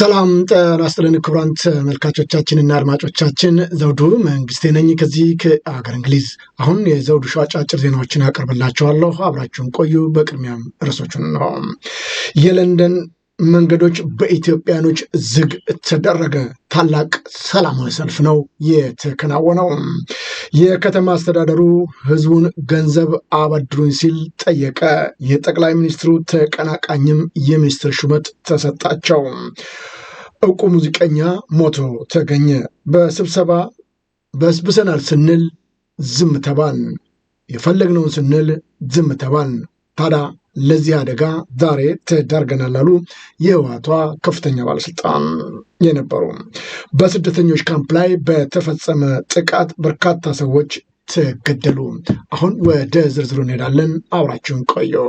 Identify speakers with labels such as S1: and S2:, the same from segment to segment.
S1: ሰላም ጤና ይስጥልን ክቡራን ተመልካቾቻችንና አድማጮቻችን ዘውዱ መንግስቴ ነኝ ከዚህ ከአገር እንግሊዝ። አሁን የዘውዱ ሾው አጫጭር ዜናዎችን አቀርብላችኋለሁ፣ አብራችሁን ቆዩ። በቅድሚያም ርዕሶቹን ነው። የለንደን መንገዶች በኢትዮጵያኖች ዝግ ተደረገ። ታላቅ ሰላማዊ ሰልፍ ነው የተከናወነው። የከተማ አስተዳደሩ ህዝቡን ገንዘብ አበድሩኝ ሲል ጠየቀ። የጠቅላይ ሚኒስትሩ ተቀናቃኝም የሚኒስትር ሹመት ተሰጣቸው። እውቁ ሙዚቀኛ ሞቶ ተገኘ። በስብሰባ በስብሰናል ስንል ዝም ተባልን፣ የፈለግነውን ስንል ዝም ተባልን። ታዲያ ለዚህ አደጋ ዛሬ ተዳርገናል አሉ የህወሓቷ ከፍተኛ ባለስልጣን የነበሩ። በስደተኞች ካምፕ ላይ በተፈጸመ ጥቃት በርካታ ሰዎች ተገደሉ። አሁን ወደ ዝርዝሩ እንሄዳለን። አብራችሁን ቆየው።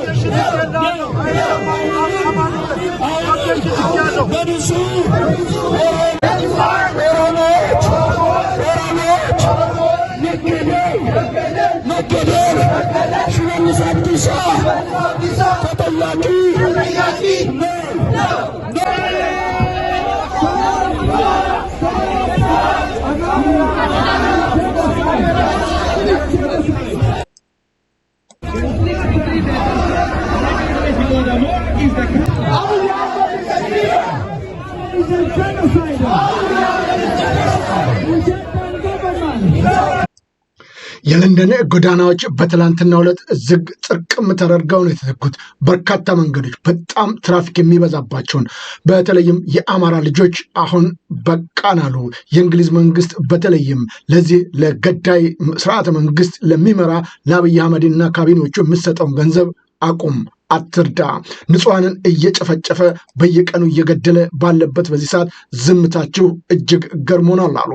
S1: Mekke'dir. Şuramız Abdüsa. Fethullah'ı. የለንደን ጎዳናዎች በትላንትናው ዕለት ዝግ ጥርቅም ተደርገው ነው የተዘጉት። በርካታ መንገዶች በጣም ትራፊክ የሚበዛባቸውን በተለይም የአማራ ልጆች አሁን በቃን አሉ። የእንግሊዝ መንግስት በተለይም ለዚህ ለገዳይ ስርዓተ መንግስት ለሚመራ ለአብይ አህመድና ካቢኔዎቹ የምሰጠውን ገንዘብ አቁም አትርዳ። ንጹሐንን እየጨፈጨፈ በየቀኑ እየገደለ ባለበት በዚህ ሰዓት ዝምታችሁ እጅግ ገርሞናል አሉ።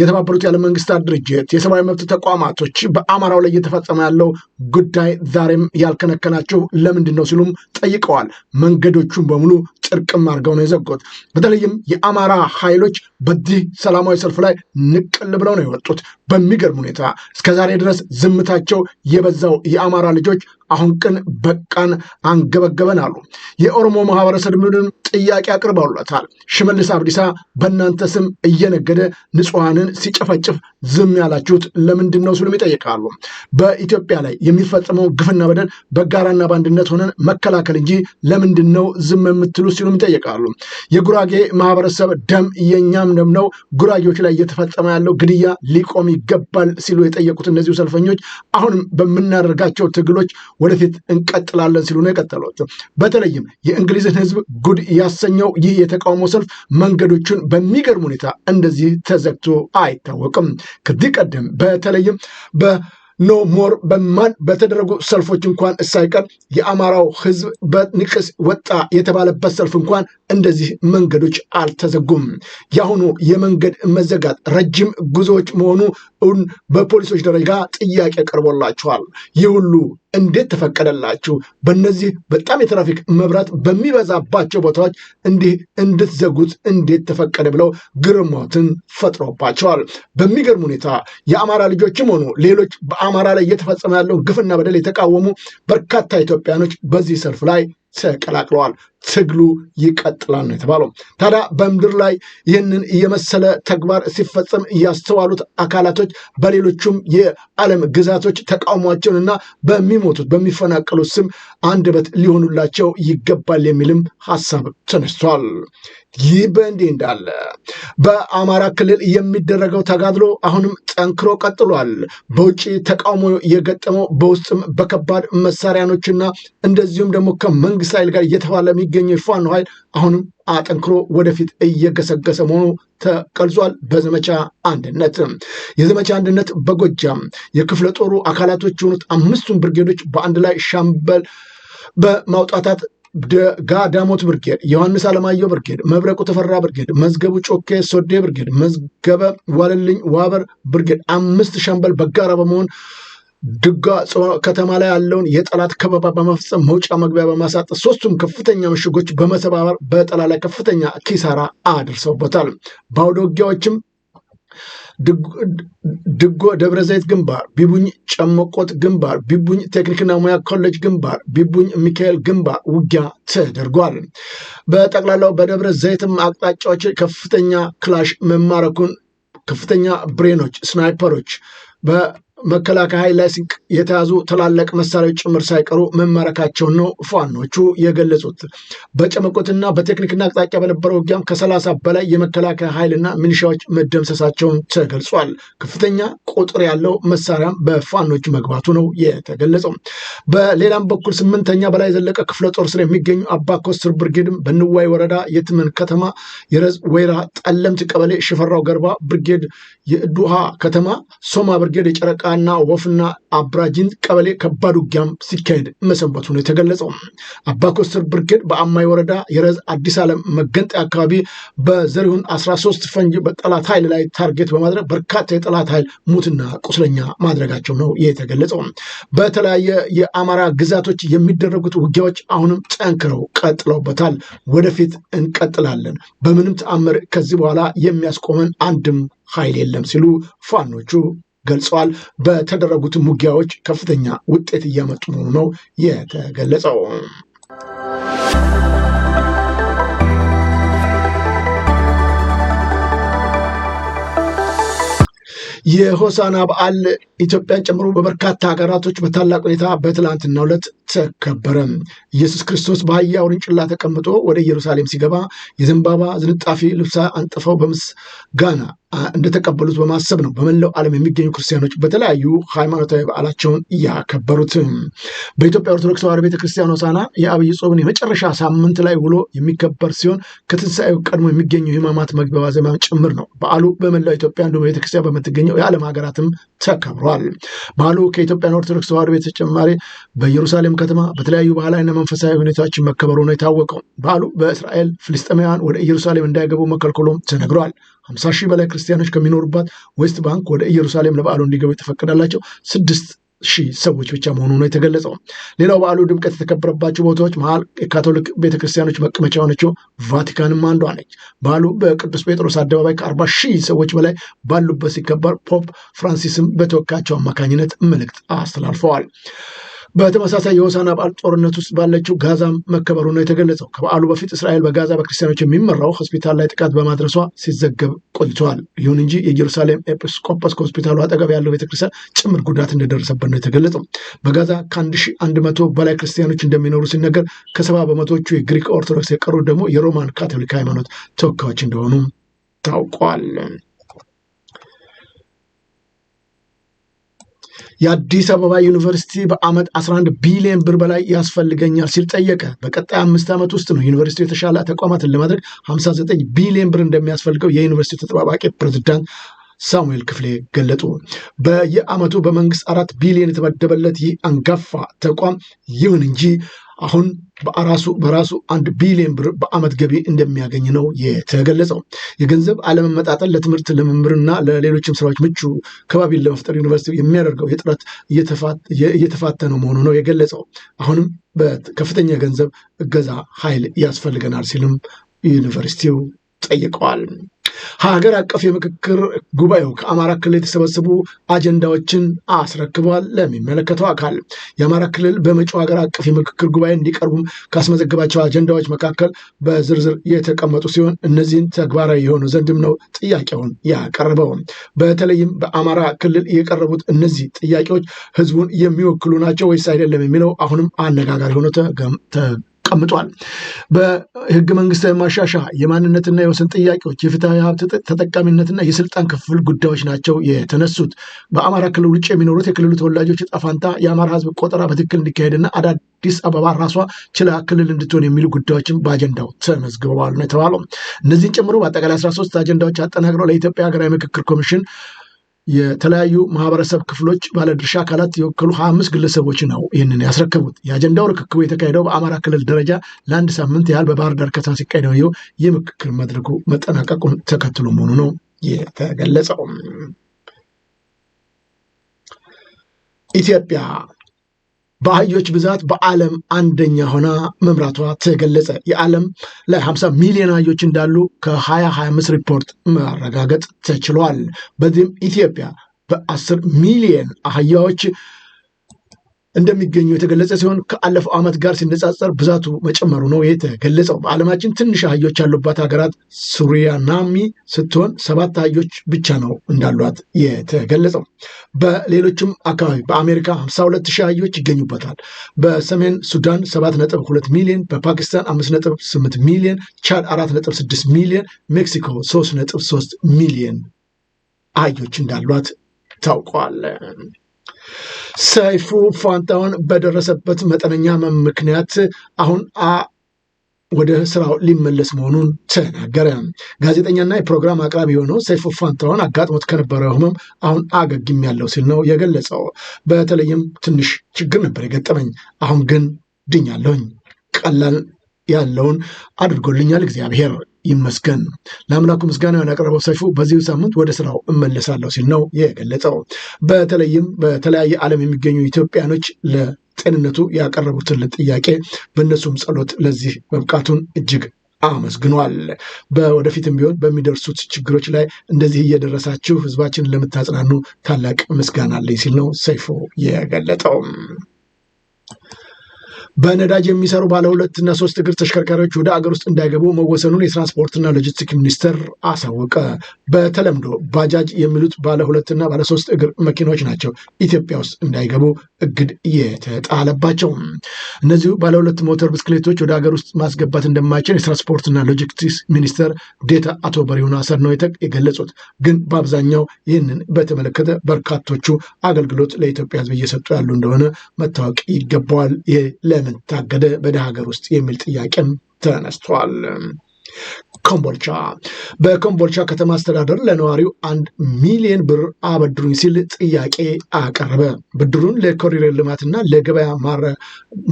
S1: የተባበሩት የዓለም መንግስታት ድርጅት የሰብአዊ መብት ተቋማቶች በአማራው ላይ እየተፈጸመ ያለው ጉዳይ ዛሬም ያልከነከናችሁ ለምንድን ነው ሲሉም ጠይቀዋል። መንገዶቹን በሙሉ ጭርቅም አድርገው ነው የዘጉት። በተለይም የአማራ ኃይሎች በዚህ ሰላማዊ ሰልፍ ላይ ንቅል ብለው ነው የወጡት። በሚገርም ሁኔታ እስከዛሬ ድረስ ዝምታቸው የበዛው የአማራ ልጆች አሁን ቅን በቃን አንገበገበን አሉ። የኦሮሞ ማህበረሰብ ምድን ጥያቄ አቅርበውለታል። ሽመልስ አብዲሳ በእናንተ ስም እየነገደ ንጹሐንን ሲጨፈጭፍ ዝም ያላችሁት ለምንድን ነው ስሉም ይጠይቃሉ። በኢትዮጵያ ላይ የሚፈጸመው ግፍና በደል በጋራና በአንድነት ሆነን መከላከል እንጂ ለምንድን ነው ዝም የምትሉ ሲሉም ይጠይቃሉ። የጉራጌ ማህበረሰብ ደም የእኛም ደም ነው፣ ጉራጌዎች ላይ እየተፈጸመ ያለው ግድያ ሊቆም ይገባል ሲሉ የጠየቁት እነዚሁ ሰልፈኞች አሁንም በምናደርጋቸው ትግሎች ወደፊት እንቀጥላለን ሲሉ ነው የቀጠሉት። በተለይም የእንግሊዝን ህዝብ ጉድ ያሰኘው ይህ የተቃውሞ ሰልፍ መንገዶቹን በሚገርም ሁኔታ እንደዚህ ተዘግቶ አይታወቅም። ከዚህ ቀደም በተለይም በ ኖ ሞር በማን በተደረጉ ሰልፎች እንኳን እሳይቀር የአማራው ህዝብ በንቅስ ወጣ የተባለበት ሰልፍ እንኳን እንደዚህ መንገዶች አልተዘጉም። የአሁኑ የመንገድ መዘጋት ረጅም ጉዞዎች መሆኑ በፖሊሶች ደረጃ ጥያቄ ቀርቦላችኋል። ይህ ሁሉ እንዴት ተፈቀደላችሁ? በእነዚህ በጣም የትራፊክ መብራት በሚበዛባቸው ቦታዎች እንዲህ እንድትዘጉት እንዴት ተፈቀደ? ብለው ግርሞትን ፈጥሮባቸዋል። በሚገርም ሁኔታ የአማራ ልጆችም ሆኑ ሌሎች በአማራ ላይ እየተፈጸመ ያለውን ግፍና በደል የተቃወሙ በርካታ ኢትዮጵያኖች በዚህ ሰልፍ ላይ ተቀላቅለዋል። ትግሉ ይቀጥላል ነው የተባለው። ታዲያ በምድር ላይ ይህንን የመሰለ ተግባር ሲፈጸም ያስተዋሉት አካላቶች በሌሎቹም የዓለም ግዛቶች ተቃውሟቸውንና በሚሞቱት በሚፈናቀሉት ስም አንደበት ሊሆኑላቸው ይገባል የሚልም ሀሳብ ተነስቷል። ይህ በእንዲህ እንዳለ በአማራ ክልል የሚደረገው ተጋድሎ አሁንም ጠንክሮ ቀጥሏል። በውጭ ተቃውሞ የገጠመው በውስጥም በከባድ መሳሪያኖችና እንደዚሁም ደግሞ ከመንግስት ኃይል ጋር እየተባለ የሚገኘው የፋኖ ኃይል አሁንም አጠንክሮ ወደፊት እየገሰገሰ መሆኑ ተቀልጿል። በዘመቻ አንድነት የዘመቻ አንድነት በጎጃም የክፍለ ጦሩ አካላቶች የሆኑት አምስቱን ብርጌዶች በአንድ ላይ ሻምበል በማውጣታት ደጋ ዳሞት ብርጌድ፣ ዮሐንስ አለማየሁ ብርጌድ፣ መብረቁ ተፈራ ብርጌድ፣ መዝገቡ ጮኬ ሶዴ ብርጌድ፣ መዝገበ ዋለልኝ ዋበር ብርጌድ አምስት ሻምበል በጋራ በመሆን ድጋ ከተማ ላይ ያለውን የጠላት ከበባ በመፍጸም መውጫ መግቢያ በማሳጠ ሶስቱም ከፍተኛ ምሽጎች በመሰባበር በጠላ ላይ ከፍተኛ ኪሳራ አድርሰውበታል። በአውደ ውጊያዎችም ድጎ ደብረ ዘይት ግንባር፣ ቢቡኝ ጨመቆት ግንባር፣ ቢቡኝ ቴክኒክና ሙያ ኮሌጅ ግንባር፣ ቢቡኝ ሚካኤል ግንባር ውጊያ ተደርጓል። በጠቅላላው በደብረ ዘይትም አቅጣጫዎች ከፍተኛ ክላሽ መማረኩን ከፍተኛ ብሬኖች፣ ስናይፐሮች መከላከያ ኃይል ላይ የተያዙ ትላላቅ መሳሪያዎች ጭምር ሳይቀሩ መማረካቸውን ነው ፋኖቹ የገለጹት። በጨመቆትና በቴክኒክና አቅጣጫ በነበረው ውጊያም ከሰላሳ በላይ የመከላከያ ኃይልና ሚኒሻዎች መደምሰሳቸውን ተገልጿል። ከፍተኛ ቁጥር ያለው መሳሪያም በፋኖች መግባቱ ነው የተገለጸው። በሌላም በኩል ስምንተኛ በላይ የዘለቀ ክፍለ ጦር ስር የሚገኙ አባ ኮስትር ብርጌድም በንዋይ ወረዳ የትምን ከተማ የረዝ ወይራ ጠለምት ቀበሌ ሽፈራው ገርባ ብርጌድ፣ የዱሃ ከተማ ሶማ ብርጌድ የጨረቃ ጣና ወፍና አብራጅን ቀበሌ ከባድ ውጊያም ሲካሄድ መሰንበቱ ነው የተገለጸው። አባ ኮስተር ብርጌድ በአማይ ወረዳ የረዝ አዲስ ዓለም መገንጠያ አካባቢ በዘሪሁን 13 ፈንጅ በጠላት ኃይል ላይ ታርጌት በማድረግ በርካታ የጠላት ኃይል ሙትና ቁስለኛ ማድረጋቸው ነው የተገለጸው። በተለያየ የአማራ ግዛቶች የሚደረጉት ውጊያዎች አሁንም ጠንክረው ቀጥለውበታል። ወደፊት እንቀጥላለን። በምንም ተአምር ከዚህ በኋላ የሚያስቆመን አንድም ኃይል የለም ሲሉ ፋኖቹ ገልጸዋል። በተደረጉት ውጊያዎች ከፍተኛ ውጤት እያመጡ መሆኑ ነው የተገለጸው። የሆሳና በዓል ኢትዮጵያን ጨምሮ በበርካታ ሀገራቶች በታላቅ ሁኔታ በትላንትና ዕለት ተከበረ። ኢየሱስ ክርስቶስ በአህያ ውርንጭላ ተቀምጦ ወደ ኢየሩሳሌም ሲገባ የዘንባባ ዝንጣፊ ልብሳ አንጥፈው በምስጋና እንደተቀበሉት በማሰብ ነው በመላው ዓለም የሚገኙ ክርስቲያኖች በተለያዩ ሃይማኖታዊ በዓላቸውን እያከበሩት በኢትዮጵያ ኦርቶዶክስ ተዋሕዶ ቤተክርስቲያን ሆሳዕና የአብይ ጾምን የመጨረሻ ሳምንት ላይ ውሎ የሚከበር ሲሆን ከትንሣኤው ቀድሞ የሚገኙ ህማማት መግቢያ ዋዜማ ጭምር ነው። በዓሉ በመላው ኢትዮጵያ እንዲሁም ቤተክርስቲያን በምትገኘው የዓለም ሀገራትም ተከብሯል። በዓሉ ከኢትዮጵያን ኦርቶዶክስ ተዋሕዶ ቤተጨማሪ በኢየሩሳሌም ከተማ በተለያዩ ባህላዊና መንፈሳዊ ሁኔታዎች መከበሩ ነው የታወቀው። በዓሉ በእስራኤል ፍልስጤማውያን ወደ ኢየሩሳሌም እንዳይገቡ መከልከሎም ተነግረዋል። ሀምሳ ሺህ በላይ ክርስቲያኖች ከሚኖሩባት ዌስት ባንክ ወደ ኢየሩሳሌም ለበዓሉ እንዲገቡ የተፈቀደላቸው ስድስት ሺህ ሰዎች ብቻ መሆኑ ነው የተገለጸው። ሌላው በዓሉ ድምቀት የተከበረባቸው ቦታዎች መሀል የካቶሊክ ቤተክርስቲያኖች መቀመጫ የሆነችው ቫቲካንም አንዷ ነች። በዓሉ በቅዱስ ጴጥሮስ አደባባይ ከአርባ ሺህ ሰዎች በላይ ባሉበት ሲከበር ፖፕ ፍራንሲስም በተወካቸው አማካኝነት መልእክት አስተላልፈዋል። በተመሳሳይ የሆሳና በዓል ጦርነት ውስጥ ባለችው ጋዛ መከበሩ ነው የተገለጸው። ከበዓሉ በፊት እስራኤል በጋዛ በክርስቲያኖች የሚመራው ሆስፒታል ላይ ጥቃት በማድረሷ ሲዘገብ ቆይተዋል። ይሁን እንጂ የኢየሩሳሌም ኤጲስቆጶስ ከሆስፒታሉ አጠገብ ያለው ቤተክርስቲያን ጭምር ጉዳት እንደደረሰበት ነው የተገለጸው። በጋዛ አንድ መቶ በላይ ክርስቲያኖች እንደሚኖሩ ሲነገር ከሰባ በመቶዎቹ የግሪክ ኦርቶዶክስ የቀሩት ደግሞ የሮማን ካቶሊክ ሃይማኖት ተወካዮች እንደሆኑ ታውቋል። የአዲስ አበባ ዩኒቨርሲቲ በአመት 11 ቢሊዮን ብር በላይ ያስፈልገኛል ሲል ጠየቀ። በቀጣይ አምስት ዓመት ውስጥ ነው ዩኒቨርሲቲ የተሻለ ተቋማትን ለማድረግ 59 ቢሊዮን ብር እንደሚያስፈልገው የዩኒቨርሲቲ ተጠባባቂ ፕሬዚዳንት ሳሙኤል ክፍሌ ገለጡ። በየአመቱ በመንግስት አራት ቢሊዮን የተመደበለት ይህ አንጋፋ ተቋም ይሁን እንጂ አሁን በራሱ በራሱ አንድ ቢሊዮን ብር በአመት ገቢ እንደሚያገኝ ነው የተገለጸው። የገንዘብ አለመመጣጠን ለትምህርት ለመምህርና ለሌሎችም ስራዎች ምቹ ከባቢን ለመፍጠር ዩኒቨርሲቲ የሚያደርገው የጥረት እየተፋተነ መሆኑ ነው የገለጸው። አሁንም በከፍተኛ ገንዘብ እገዛ ኃይል ያስፈልገናል ሲልም ዩኒቨርሲቲው ጠይቀዋል። ሀገር አቀፍ የምክክር ጉባኤው ከአማራ ክልል የተሰበሰቡ አጀንዳዎችን አስረክቧል ለሚመለከተው አካል። የአማራ ክልል በመጪው ሀገር አቀፍ የምክክር ጉባኤ እንዲቀርቡም ካስመዘገባቸው አጀንዳዎች መካከል በዝርዝር የተቀመጡ ሲሆን እነዚህን ተግባራዊ የሆኑ ዘንድም ነው ጥያቄውን ያቀረበው። በተለይም በአማራ ክልል የቀረቡት እነዚህ ጥያቄዎች ህዝቡን የሚወክሉ ናቸው ወይስ አይደለም የሚለው አሁንም አነጋጋሪ ሆኖ ቀምጧል። በህገ መንግስት ማሻሻ የማንነትና የወሰን ጥያቄዎች፣ የፍትሐዊ ሀብት ተጠቃሚነትና የስልጣን ክፍል ጉዳዮች ናቸው የተነሱት። በአማራ ክልል ውጭ የሚኖሩት የክልሉ ተወላጆች ዕጣ ፈንታ የአማራ ህዝብ ቆጠራ በትክክል እንዲካሄድና አዲስ አበባ ራሷ ችላ ክልል እንድትሆን የሚሉ ጉዳዮችን በአጀንዳው ተመዝግበዋል ነው የተባለው። እነዚህን ጨምሮ በአጠቃላይ 13 አጀንዳዎች አጠናቅረው ለኢትዮጵያ ሀገራዊ ምክክር ኮሚሽን የተለያዩ ማህበረሰብ ክፍሎች ባለድርሻ አካላት የወከሉ ሀያ አምስት ግለሰቦች ነው ይህንን ያስረከቡት። የአጀንዳው ርክክቡ የተካሄደው በአማራ ክልል ደረጃ ለአንድ ሳምንት ያህል በባህር ዳር ከተማ ሲካሄድ ነው። ይህ ምክክር መድረኩ መጠናቀቁን ተከትሎ መሆኑ ነው የተገለጸው። ኢትዮጵያ በአህዮች ብዛት በዓለም አንደኛ ሆና መምራቷ ተገለጸ። የዓለም ላይ 50 ሚሊዮን አህዮች እንዳሉ ከ2025 ሪፖርት ማረጋገጥ ተችሏል። በዚህም ኢትዮጵያ በ10 ሚሊዮን አህያዎች እንደሚገኙ የተገለጸ ሲሆን ከአለፈው ዓመት ጋር ሲነጻጸር ብዛቱ መጨመሩ ነው የተገለጸው። በዓለማችን ትንሽ አህዮች ያሉባት ሀገራት ሱሪያናሚ ስትሆን ሰባት አህዮች ብቻ ነው እንዳሏት የተገለጸው። በሌሎችም አካባቢ በአሜሪካ 52 ሺህ አህዮች ይገኙበታል። በሰሜን ሱዳን 7.2 ሚሊዮን፣ በፓኪስታን 5.8 ሚሊዮን፣ ቻድ 4.6 ሚሊዮን፣ ሜክሲኮ 3.3 ሚሊዮን አህዮች እንዳሏት ታውቋል። ሰይፉ ፋንታውን በደረሰበት መጠነኛ ምክንያት አሁን ወደ ስራው ሊመለስ መሆኑን ተናገረ። ጋዜጠኛና የፕሮግራም አቅራቢ የሆነው ሰይፉ ፋንታውን አጋጥሞት ከነበረው ህመም አሁን አገግም ያለው ሲል ነው የገለጸው። በተለይም ትንሽ ችግር ነበር የገጠመኝ፣ አሁን ግን ድኛለሁኝ። ቀላል ያለውን አድርጎልኛል እግዚአብሔር ይመስገን ለአምላኩ ምስጋና ያቀረበው ሰይፉ በዚሁ ሳምንት ወደ ስራው እመለሳለሁ ሲል ነው የገለጸው። በተለይም በተለያየ ዓለም የሚገኙ ኢትዮጵያኖች ለጤንነቱ ያቀረቡትን ጥያቄ በእነሱም ጸሎት ለዚህ መብቃቱን እጅግ አመስግኗል። በወደፊትም ቢሆን በሚደርሱት ችግሮች ላይ እንደዚህ እየደረሳችሁ ህዝባችንን ለምታጽናኑ ታላቅ ምስጋና አለኝ ሲል ነው ሰይፎ የገለጠው። በነዳጅ የሚሰሩ ባለ ሁለት እና ሶስት እግር ተሽከርካሪዎች ወደ አገር ውስጥ እንዳይገቡ መወሰኑን የትራንስፖርትና ሎጂስቲክ ሚኒስቴር አሳወቀ። በተለምዶ ባጃጅ የሚሉት ባለ ሁለትና ባለ ሶስት እግር መኪናዎች ናቸው ኢትዮጵያ ውስጥ እንዳይገቡ እግድ የተጣለባቸው። እነዚሁ ባለ ሁለት ሞተር ብስክሌቶች ወደ አገር ውስጥ ማስገባት እንደማይችል የትራንስፖርትና ሎጂስቲክስ ሚኒስቴር ዴታ አቶ በሪሁን አሰር ነው የገለጹት። ግን በአብዛኛው ይህንን በተመለከተ በርካቶቹ አገልግሎት ለኢትዮጵያ ሕዝብ እየሰጡ ያሉ እንደሆነ መታወቅ ይገባዋል። ለምን ታገደ በደሃ ሀገር ውስጥ የሚል ጥያቄም ተነስቷል። ኮምቦልቻ በኮምቦልቻ ከተማ አስተዳደር ለነዋሪው አንድ ሚሊዮን ብር አበድሩኝ ሲል ጥያቄ አቀረበ። ብድሩን ለኮሪደር ልማትና ለገበያ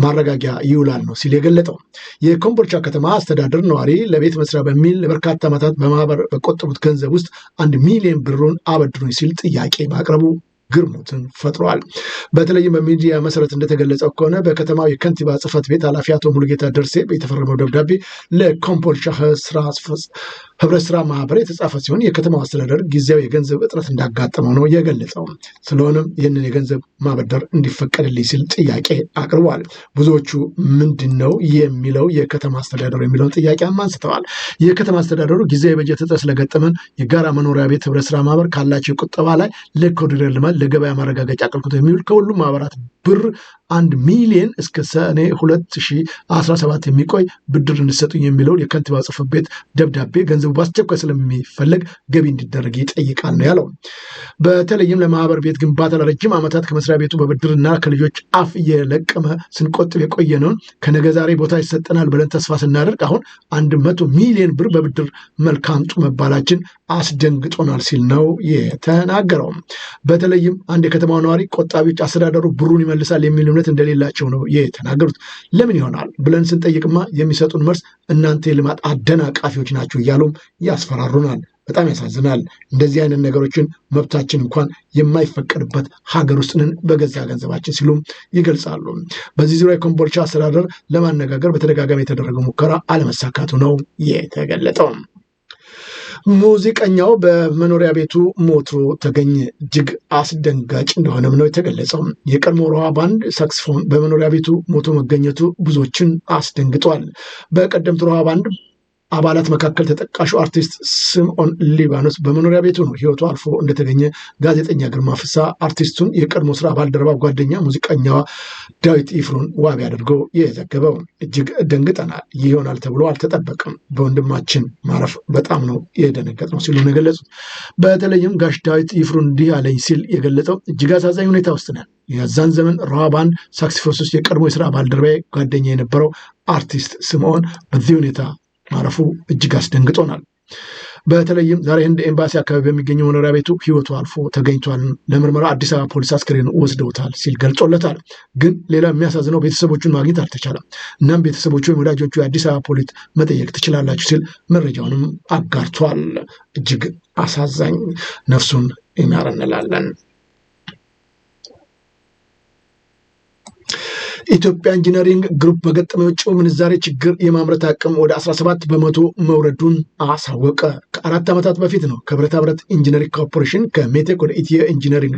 S1: ማረጋጊያ ይውላል ነው ሲል የገለጠው የኮምቦልቻ ከተማ አስተዳደር ነዋሪ ለቤት መስሪያ በሚል ለበርካታ ዓመታት በማህበር በቆጠቡት ገንዘብ ውስጥ አንድ ሚሊዮን ብሩን አበድሩኝ ሲል ጥያቄ ማቅረቡ ግርሙትን ፈጥሯል። በተለይም በሚዲያ መሰረት እንደተገለጸው ከሆነ በከተማው የከንቲባ ጽህፈት ቤት ኃላፊ አቶ ሙሉጌታ ደርሴ የተፈረመው ደብዳቤ ለኮምፖልቻ ህብረት ስራ ማህበር የተጻፈ ሲሆን የከተማው አስተዳደር ጊዜያዊ የገንዘብ እጥረት እንዳጋጠመው ነው የገለጸው። ስለሆነም ይህንን የገንዘብ ማበደር እንዲፈቀድልኝ ሲል ጥያቄ አቅርቧል። ብዙዎቹ ምንድን ነው የሚለው የከተማ አስተዳደሩ የሚለውን ጥያቄ አንስተዋል። የከተማ አስተዳደሩ ጊዜያዊ በጀት እጥረት ስለገጠመን የጋራ መኖሪያ ቤት ህብረት ስራ ማህበር ካላቸው ቁጠባ ላይ ለኮሪደር ልማት ለገበያ ማረጋገጫ አቅልኩት የሚውል ከሁሉም ማህበራት ብር አንድ ሚሊየን እስከ ሰኔ 2017 የሚቆይ ብድር እንዲሰጡኝ የሚለውን የከንቲባ ጽሕፈት ቤት ደብዳቤ ገንዘቡ በአስቸኳይ ስለሚፈለግ ገቢ እንዲደረግ ይጠይቃል ነው ያለው። በተለይም ለማህበር ቤት ግንባታ ለረጅም ዓመታት ከመስሪያ ቤቱ በብድርና ከልጆች አፍ እየለቀመ ስንቆጥብ የቆየነውን ከነገ ዛሬ ቦታ ይሰጠናል ብለን ተስፋ ስናደርግ አሁን አንድ መቶ ሚሊዮን ብር በብድር መልካምጡ መባላችን አስደንግጦናል ሲል ነው የተናገረው። በተለይም አንድ የከተማው ነዋሪ ቆጣቢዎች አስተዳደሩ ብሩን ይመልሳል የሚል እምነት እንደሌላቸው ነው የተናገሩት። ለምን ይሆናል ብለን ስንጠይቅማ የሚሰጡን መርስ እናንተ የልማት አደናቃፊዎች ናቸው እያሉም ያስፈራሩናል። በጣም ያሳዝናል። እንደዚህ አይነት ነገሮችን መብታችን እንኳን የማይፈቀድበት ሀገር ውስጥ ነን በገዛ ገንዘባችን ሲሉም ይገልጻሉ። በዚህ ዙሪያ የኮምቦልቻ አስተዳደር ለማነጋገር በተደጋጋሚ የተደረገው ሙከራ አለመሳካቱ ነው የተገለጠው። ሙዚቀኛው በመኖሪያ ቤቱ ሞቶ ተገኘ። እጅግ አስደንጋጭ እንደሆነም ነው የተገለጸው። የቀድሞ ሮሃ ባንድ ሳክስፎን በመኖሪያ ቤቱ ሞቶ መገኘቱ ብዙዎችን አስደንግጧል። በቀደምት ሮሃ ባንድ አባላት መካከል ተጠቃሹ አርቲስት ስምኦን ሊባኖስ በመኖሪያ ቤቱ ነው ህይወቱ አልፎ እንደተገኘ ጋዜጠኛ ግርማ ፍሳ አርቲስቱን የቀድሞ ስራ ባልደረባ ጓደኛ ሙዚቀኛዋ ዳዊት ይፍሩን ዋቢ አድርጎ የዘገበው። እጅግ ደንግጠናል። ይህ ይሆናል ተብሎ አልተጠበቅም። በወንድማችን ማረፍ በጣም ነው የደነገጥ ነው ሲሉ ነው የገለጹት። በተለይም ጋሽ ዳዊት ይፍሩን እንዲህ አለኝ ሲል የገለጸው እጅግ አሳዛኝ ሁኔታ ውስጥ ነን። የዛን ዘመን ሮሃ ሳክሲፎስ ውስጥ የቀድሞ የስራ ባልደረባ ጓደኛ የነበረው አርቲስት ስምኦን በዚህ ሁኔታ ማረፉ እጅግ አስደንግጦናል። በተለይም ዛሬ ህንድ ኤምባሲ አካባቢ በሚገኘው መኖሪያ ቤቱ ህይወቱ አልፎ ተገኝቷል። ለምርመራ አዲስ አበባ ፖሊስ አስክሬን ወስደውታል ሲል ገልጾለታል። ግን ሌላ የሚያሳዝነው ቤተሰቦቹን ማግኘት አልተቻለም። እናም ቤተሰቦቹ ወይም ወዳጆቹ የአዲስ አበባ ፖሊስ መጠየቅ ትችላላችሁ ሲል መረጃውንም አጋርቷል። እጅግ አሳዛኝ ነፍሱን ይማር እንላለን። ኢትዮጵያ ኢንጂነሪንግ ግሩፕ በገጠመ የውጭ ምንዛሬ ችግር የማምረት አቅም ወደ 17 በመቶ መውረዱን አሳወቀ። ከአራት ዓመታት በፊት ነው ከብረታ ብረት ኢንጂነሪንግ ኮርፖሬሽን ከሜቴክ ወደ ኢትዮ ኢንጂነሪንግ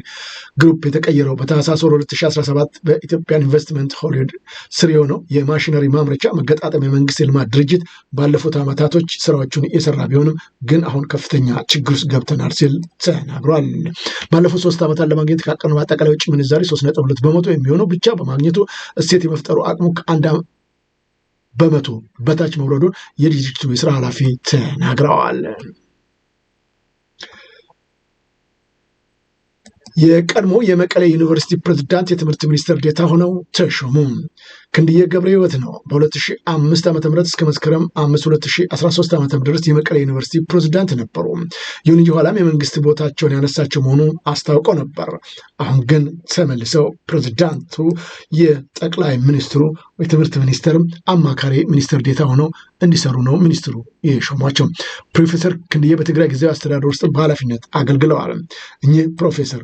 S1: ግሩፕ የተቀየረው። በታህሳስ ወር 2017 በኢትዮጵያን ኢንቨስትመንት ሆልድ ስር የሆነው የማሽነሪ ማምረቻ መገጣጠም የመንግስት የልማት ድርጅት ባለፉት ዓመታቶች ስራዎቹን የሰራ ቢሆንም ግን አሁን ከፍተኛ ችግር ውስጥ ገብተናል ሲል ተናግሯል። ባለፉት ሶስት ዓመታት ለማግኘት ካቀኑ በአጠቃላይ ውጭ ምንዛሬ 3.2 በመቶ የሚሆነው ብቻ በማግኘቱ እሴት የመፍጠሩ አቅሙ ከአንድ በመቶ በታች መውረዱን የድርጅቱ የስራ ኃላፊ ተናግረዋል። የቀድሞ የመቀሌ ዩኒቨርሲቲ ፕሬዝዳንት የትምህርት ሚኒስትር ዴታ ሆነው ተሾሙ። ክንድዬ ገብረ ህይወት ነው በ2005 ዓ ም እስከ መስከረም 5 2013 ዓ ም ድረስ የመቀሌ ዩኒቨርሲቲ ፕሬዝዳንት ነበሩ። ይሁን እንጂ ኋላም የመንግስት ቦታቸውን ያነሳቸው መሆኑን አስታውቀው ነበር። አሁን ግን ተመልሰው ፕሬዝዳንቱ የጠቅላይ ሚኒስትሩ የትምህርት ሚኒስትርም አማካሪ ሚኒስትር ዴታ ሆነው እንዲሰሩ ነው ሚኒስትሩ የሾሟቸው። ፕሮፌሰር ክንድዬ በትግራይ ጊዜያዊ አስተዳደር ውስጥ በኃላፊነት አገልግለዋል። እኚህ ፕሮፌሰር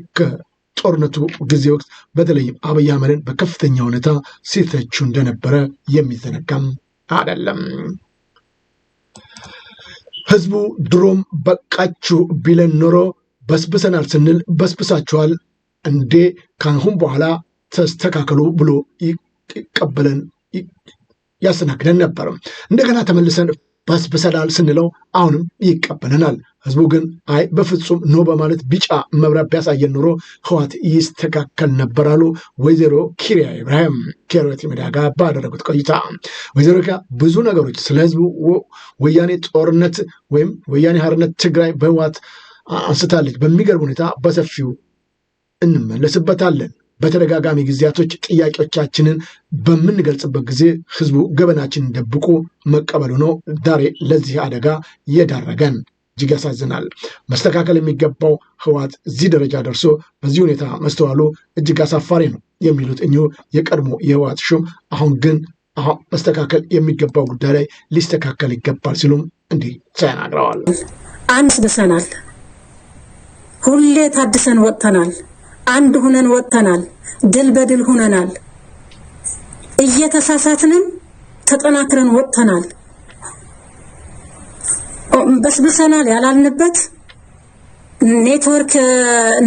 S1: ጦርነቱ ጊዜ ወቅት በተለይም አብይ አህመድን በከፍተኛ ሁኔታ ሲተቹ እንደነበረ የሚዘነጋም አይደለም። ህዝቡ ድሮም በቃችሁ ቢለን ኖሮ በስብሰናል ስንል በስብሳችኋል እንዴ፣ ካሁን በኋላ ተስተካከሉ ብሎ ይቀበለን ያስተናግደን ነበር። እንደገና ተመልሰን በስብሰላል ስንለው አሁንም ይቀበለናል። ህዝቡ ግን አይ በፍጹም ኖ በማለት ቢጫ መብራት ቢያሳየን ኑሮ ህዋት ይስተካከል ነበር አሉ ወይዘሮ ኪሪያ ኢብራሂም ከርዕዮት ሚዲያ ጋር ባደረጉት ቆይታ። ወይዘሮ ኪያ ብዙ ነገሮች ስለ ህዝቡ ወያኔ ጦርነት ወይም ወያኔ ሀርነት ትግራይ በህዋት አንስታለች። በሚገርም ሁኔታ በሰፊው እንመለስበታለን። በተደጋጋሚ ጊዜያቶች ጥያቄዎቻችንን በምንገልጽበት ጊዜ ህዝቡ ገበናችንን ደብቆ መቀበሉ ነው ዛሬ ለዚህ አደጋ የዳረገን። እጅግ ያሳዝናል። መስተካከል የሚገባው ህወሓት እዚህ ደረጃ ደርሶ በዚህ ሁኔታ መስተዋሉ እጅግ አሳፋሪ ነው የሚሉት እኚሁ የቀድሞ የህወሓት ሹም አሁን ግን አሁን መስተካከል የሚገባው ጉዳይ ላይ ሊስተካከል ይገባል ሲሉም እንዲህ ተናግረዋል።
S2: ብሰናል ሁሌ ታድሰን ወጥተናል። አንድ ሁነን ወጥተናል። ድል በድል ሁነናል። እየተሳሳትንም ተጠናክረን ወጥተናል። በስብሰናል ያላልንበት ኔትወርክ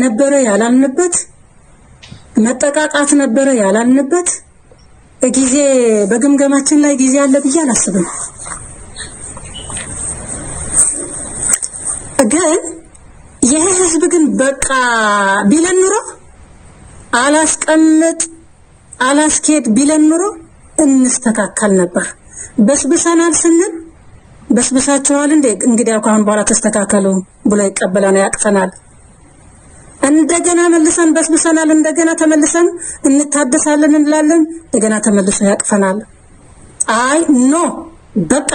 S2: ነበረ ያላልንበት መጠቃቃት ነበረ ያላልንበት ጊዜ በግምገማችን ላይ ጊዜ አለ ብዬ አላስብም ግን ይሄ ህዝብ ግን በቃ ቢለን ኑሮ አላስቀምጥ አላስኬድ ቢለን ኑሮ እንስተካከል ነበር። በስብሰናል ስንል በስብሳቸዋል እንዴ እንግዲህ ከአሁን በኋላ ተስተካከሉ ብሎ ነው ያቅፈናል። እንደገና መልሰን በስብሰናል፣ እንደገና ተመልሰን እንታደሳለን እንላለን፣ እንደገና ተመልሶ ያቅፈናል። አይ ኖ በቃ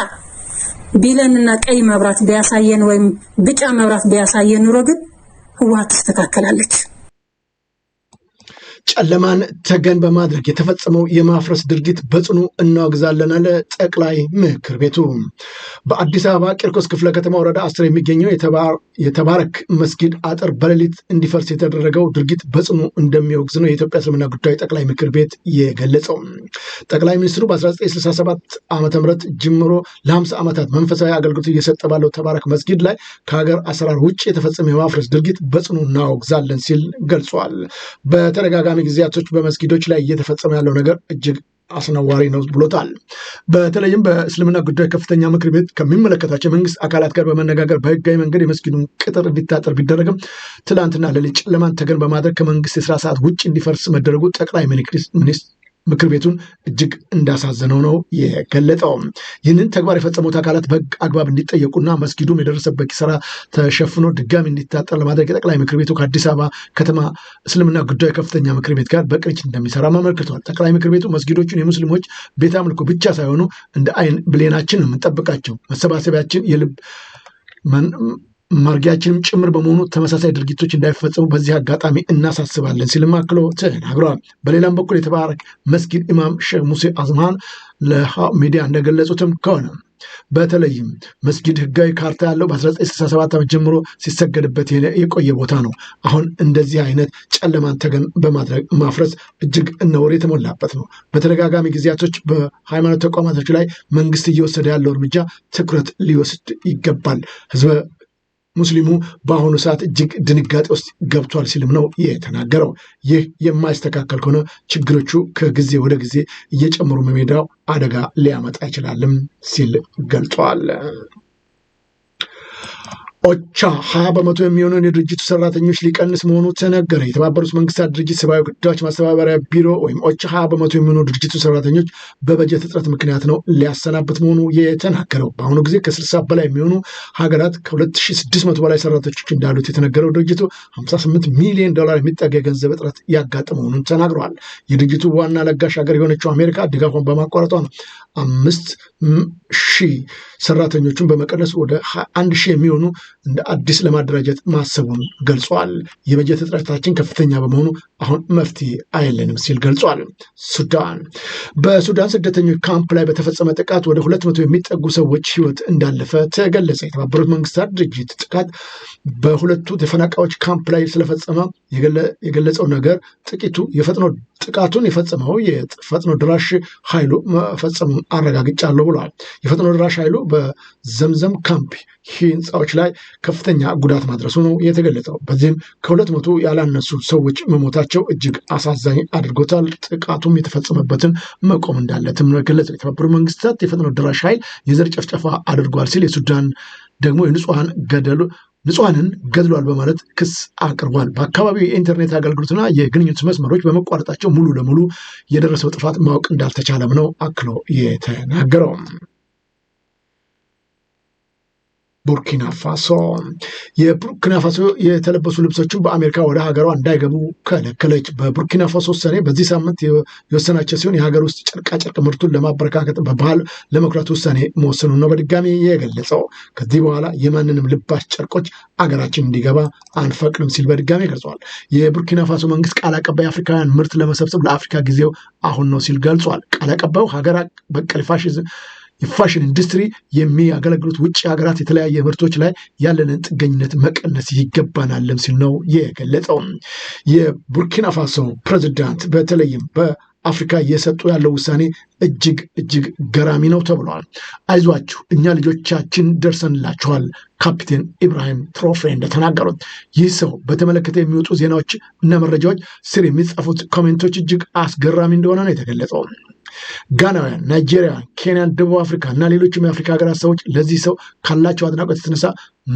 S2: ቢለንና ቀይ መብራት ቢያሳየን ወይም ቢጫ መብራት ቢያሳየን ኑሮ ግን ህወሓት ትስተካከላለች።
S1: ጨለማን ተገን በማድረግ የተፈጸመው የማፍረስ ድርጊት በጽኑ እናወግዛለን አለ ጠቅላይ ምክር ቤቱ። በአዲስ አበባ ቂርቆስ ክፍለ ከተማ ወረዳ አስር የሚገኘው የተባረክ መስጊድ አጥር በሌሊት እንዲፈርስ የተደረገው ድርጊት በጽኑ እንደሚወግዝ ነው የኢትዮጵያ እስልምና ጉዳዮች ጠቅላይ ምክር ቤት የገለጸው። ጠቅላይ ሚኒስትሩ በ1967 ዓ ም ጀምሮ ለ50 ዓመታት መንፈሳዊ አገልግሎት እየሰጠ ባለው ተባረክ መስጊድ ላይ ከሀገር አሰራር ውጭ የተፈጸመ የማፍረስ ድርጊት በጽኑ እናወግዛለን ሲል ገልጿል። በተደጋጋሚ በቅዳሜ ጊዜያቶች በመስጊዶች ላይ እየተፈጸመ ያለው ነገር እጅግ አስነዋሪ ነው ብሎታል። በተለይም በእስልምና ጉዳይ ከፍተኛ ምክር ቤት ከሚመለከታቸው የመንግስት አካላት ጋር በመነጋገር በህጋዊ መንገድ የመስጊዱን ቅጥር እንዲታጠር ቢደረግም ትላንትና ሌሊት ጨለማን ተገን በማድረግ ከመንግስት የስራ ሰዓት ውጭ እንዲፈርስ መደረጉ ጠቅላይ ሚኒስትር ምክር ቤቱን እጅግ እንዳሳዘነው ነው የገለጠው። ይህንን ተግባር የፈጸሙት አካላት በህግ አግባብ እንዲጠየቁና መስጊዱም የደረሰበት ኪሳራ ተሸፍኖ ድጋሚ እንዲታጠር ለማድረግ የጠቅላይ ምክር ቤቱ ከአዲስ አበባ ከተማ እስልምና ጉዳዮች ከፍተኛ ምክር ቤት ጋር በቅንጅት እንደሚሰራ አመልክቷል። ጠቅላይ ምክር ቤቱ መስጊዶቹን የሙስሊሞች ቤተ አምልኮ ብቻ ሳይሆኑ እንደ አይን ብሌናችን የምንጠብቃቸው መሰባሰቢያችን የልብ ማርጊያችንም ጭምር በመሆኑ ተመሳሳይ ድርጊቶች እንዳይፈጸሙ በዚህ አጋጣሚ እናሳስባለን ሲልም አክሎ ተናግረዋል። በሌላም በኩል የተባረክ መስጊድ ኢማም ሼህ ሙሴ አዝማን ለሚዲያ እንደገለጹትም ከሆነ በተለይም መስጊድ ህጋዊ ካርታ ያለው በ1967 ጀምሮ ሲሰገድበት የቆየ ቦታ ነው። አሁን እንደዚህ አይነት ጨለማን ተገን በማድረግ ማፍረስ እጅግ ነውር የተሞላበት ነው። በተደጋጋሚ ጊዜያቶች በሃይማኖት ተቋማቶች ላይ መንግስት እየወሰደ ያለው እርምጃ ትኩረት ሊወስድ ይገባል። ህዝበ ሙስሊሙ በአሁኑ ሰዓት እጅግ ድንጋጤ ውስጥ ገብቷል ሲልም ነው የተናገረው። ይህ የማይስተካከል ከሆነ ችግሮቹ ከጊዜ ወደ ጊዜ እየጨመሩ መሄዳው አደጋ ሊያመጣ ይችላልም ሲል ገልጿል። ኦቻ ሀያ በመቶ የሚሆኑን የድርጅቱ ሰራተኞች ሊቀንስ መሆኑ ተነገረ። የተባበሩት መንግስታት ድርጅት ሰብአዊ ጉዳዮች ማስተባበሪያ ቢሮ ወይም ኦቻ ሀያ በመቶ የሚሆኑ ድርጅቱ ሰራተኞች በበጀት እጥረት ምክንያት ነው ሊያሰናበት መሆኑ የተናገረው። በአሁኑ ጊዜ ከ60 በላይ የሚሆኑ ሀገራት ከ2600 በላይ ሰራተኞች እንዳሉት የተነገረው ድርጅቱ 58 ሚሊዮን ዶላር የሚጠጋ የገንዘብ እጥረት ያጋጠመ መሆኑን ተናግረዋል። የድርጅቱ ዋና ለጋሽ ሀገር የሆነችው አሜሪካ ድጋፏን በማቋረጧ ነው አምስት ሺህ ሰራተኞቹን በመቀነስ ወደ አንድ ሺህ የሚሆኑ እንደ አዲስ ለማደራጀት ማሰቡን ገልጿል። የበጀት እጥረታችን ከፍተኛ በመሆኑ አሁን መፍትሄ አይለንም ሲል ገልጿል። ሱዳን በሱዳን ስደተኞች ካምፕ ላይ በተፈጸመ ጥቃት ወደ ሁለት መቶ የሚጠጉ ሰዎች ህይወት እንዳለፈ ተገለጸ። የተባበሩት መንግስታት ድርጅት ጥቃት በሁለቱ ተፈናቃዮች ካምፕ ላይ ስለፈጸመ የገለጸው ነገር ጥቂቱ የፈጥኖ ጥቃቱን የፈጸመው የፈጥኖ ድራሽ ኃይሉ መፈጸሙን አረጋግጫለሁ ብለዋል። የፈጥኖ ድራሽ ኃይሉ በዘምዘም ካምፕ ሺህ ህንፃዎች ላይ ከፍተኛ ጉዳት ማድረሱ ነው የተገለጸው። በዚህም ከሁለት መቶ ያላነሱ ሰዎች መሞታቸው እጅግ አሳዛኝ አድርጎታል። ጥቃቱም የተፈጸመበትን መቆም እንዳለትም ነው የገለጸ። የተባበሩ መንግስታት የፈጥኖ ደራሽ ኃይል የዘር ጨፍጨፋ አድርጓል ሲል የሱዳን ደግሞ የንጹሐን ገደሉ ንጹሐንን ገድሏል በማለት ክስ አቅርቧል። በአካባቢው የኢንተርኔት አገልግሎትና የግንኙነት መስመሮች በመቋረጣቸው ሙሉ ለሙሉ የደረሰው ጥፋት ማወቅ እንዳልተቻለም ነው አክሎ የተናገረው። ቡርኪና ፋሶ የቡርኪና ፋሶ የተለበሱ ልብሶችን በአሜሪካ ወደ ሀገሯ እንዳይገቡ ከለከለች። በቡርኪና ፋሶ ውሳኔ በዚህ ሳምንት የወሰናቸው ሲሆን የሀገር ውስጥ ጨርቃጨርቅ ምርቱን ለማበረካከት በባህል ለመኩራት ውሳኔ መወሰኑ ነው በድጋሚ የገለጸው። ከዚህ በኋላ የማንንም ልባሽ ጨርቆች አገራችን እንዲገባ አንፈቅድም ሲል በድጋሚ ገልጿል። የቡርኪና ፋሶ መንግስት ቃል አቀባይ አፍሪካውያን ምርት ለመሰብሰብ ለአፍሪካ ጊዜው አሁን ነው ሲል ገልጿል። ቃል አቀባዩ ሀገር በቀል ፋሽዝም የፋሽን ኢንዱስትሪ የሚያገለግሉት ውጭ ሀገራት የተለያየ ምርቶች ላይ ያለንን ጥገኝነት መቀነስ ይገባናለም ሲል ነው የገለጸው። የቡርኪና ፋሶ ፕሬዚዳንት በተለይም በአፍሪካ እየሰጡ ያለው ውሳኔ እጅግ እጅግ ገራሚ ነው ተብሏል። አይዟችሁ እኛ ልጆቻችን ደርሰንላችኋል፣ ካፒቴን ኢብራሂም ትሮፍሬ እንደተናገሩት። ይህ ሰው በተመለከተ የሚወጡ ዜናዎች እና መረጃዎች ስር የሚጻፉት ኮሜንቶች እጅግ አስገራሚ እንደሆነ ነው የተገለጸው። ጋናውያን፣ ናይጄሪያ፣ ኬንያን፣ ደቡብ አፍሪካ እና ሌሎችም የአፍሪካ ሀገራት ሰዎች ለዚህ ሰው ካላቸው አድናቆት የተነሳ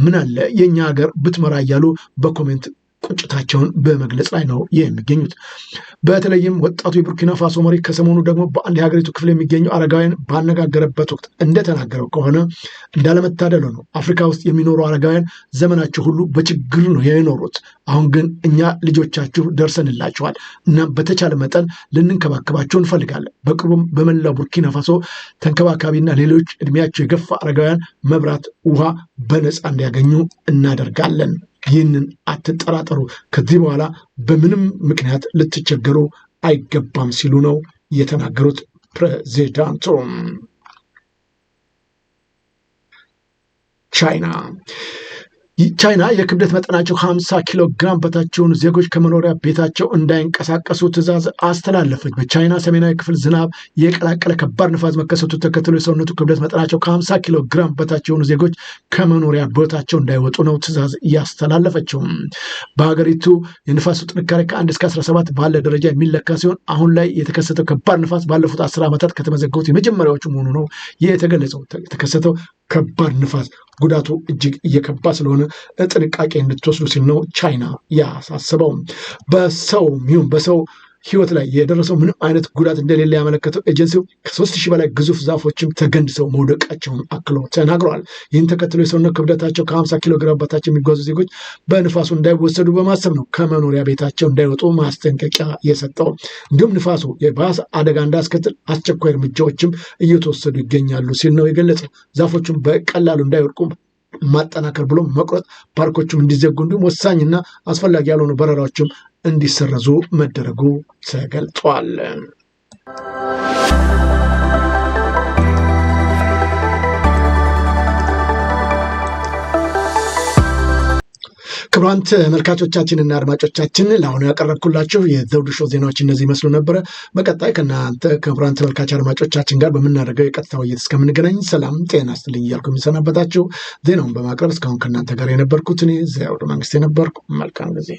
S1: ምን አለ የእኛ ሀገር ብትመራ እያሉ በኮሜንት ቁጭታቸውን በመግለጽ ላይ ነው የሚገኙት። በተለይም ወጣቱ የቡርኪና ፋሶ መሪ ከሰሞኑ ደግሞ በአንድ የሀገሪቱ ክፍል የሚገኙ አረጋውያን ባነጋገረበት ወቅት እንደተናገረው ከሆነ እንዳለመታደሉ ነው። አፍሪካ ውስጥ የሚኖሩ አረጋውያን ዘመናቸው ሁሉ በችግር ነው የኖሩት። አሁን ግን እኛ ልጆቻችሁ ደርሰንላችኋል እና በተቻለ መጠን ልንንከባከባቸው እንፈልጋለን። በቅርቡም በመላው ቡርኪና ፋሶ ተንከባካቢና ሌሎች እድሜያቸው የገፋ አረጋውያን መብራት፣ ውሃ በነፃ እንዲያገኙ እናደርጋለን። ይህንን አትጠራጠሩ። ከዚህ በኋላ በምንም ምክንያት ልትቸገሩ አይገባም ሲሉ ነው የተናገሩት ፕሬዚዳንቱ። ቻይና ቻይና የክብደት መጠናቸው ከ50 ኪሎ ግራም በታች የሆኑ ዜጎች ከመኖሪያ ቤታቸው እንዳይንቀሳቀሱ ትዕዛዝ አስተላለፈች። በቻይና ሰሜናዊ ክፍል ዝናብ የቀላቀለ ከባድ ንፋስ መከሰቱ ተከትሎ የሰውነቱ ክብደት መጠናቸው ከ50 ኪሎ ግራም በታች የሆኑ ዜጎች ከመኖሪያ ቦታቸው እንዳይወጡ ነው ትዕዛዝ እያስተላለፈችው። በሀገሪቱ የንፋሱ ጥንካሬ ከ1 እስከ 17 ባለ ደረጃ የሚለካ ሲሆን አሁን ላይ የተከሰተው ከባድ ንፋስ ባለፉት አስር ዓመታት ከተመዘገቡት የመጀመሪያዎቹ መሆኑ ነው የተገለጸው። የተከሰተው ከባድ ንፋስ ጉዳቱ እጅግ እየከባ ስለሆነ ጥንቃቄ እንድትወስዱ ሲል ነው ቻይና ያሳስበው። በሰው ሚሁን በሰው ህይወት ላይ የደረሰው ምንም አይነት ጉዳት እንደሌለ ያመለከተው ኤጀንሲው ከሶስት ሺህ በላይ ግዙፍ ዛፎችም ተገንድሰው መውደቃቸውን አክለው ተናግረዋል። ይህን ተከትሎ የሰውነት ክብደታቸው ከሀምሳ ኪሎ ግራም በታች የሚጓዙ ዜጎች በንፋሱ እንዳይወሰዱ በማሰብ ነው ከመኖሪያ ቤታቸው እንዳይወጡ ማስጠንቀቂያ የሰጠው። እንዲሁም ንፋሱ የባስ አደጋ እንዳስከትል አስቸኳይ እርምጃዎችም እየተወሰዱ ይገኛሉ ሲል ነው የገለጸው። ዛፎቹም በቀላሉ እንዳይወድቁ ማጠናከር ብሎ መቁረጥ፣ ፓርኮቹም እንዲዘጉ እንዲሁም ወሳኝና አስፈላጊ ያልሆኑ በረራዎችም እንዲሰረዙ መደረጉ ተገልጿል። ክቡራን ተመልካቾቻችንና አድማጮቻችን ለአሁኑ ያቀረብኩላችሁ የዘውዱ ሾው ዜናዎች እነዚህ ይመስሉ ነበረ። በቀጣይ ከእናንተ ክቡራን ተመልካች አድማጮቻችን ጋር በምናደርገው የቀጥታ ውይይት እስከምንገናኝ ሰላም ጤና ይስጥልኝ እያልኩ የሚሰናበታችሁ ዜናውን በማቅረብ እስካሁን ከእናንተ ጋር የነበርኩት እኔ ዘውዱ መንግስት የነበርኩ መልካም ጊዜ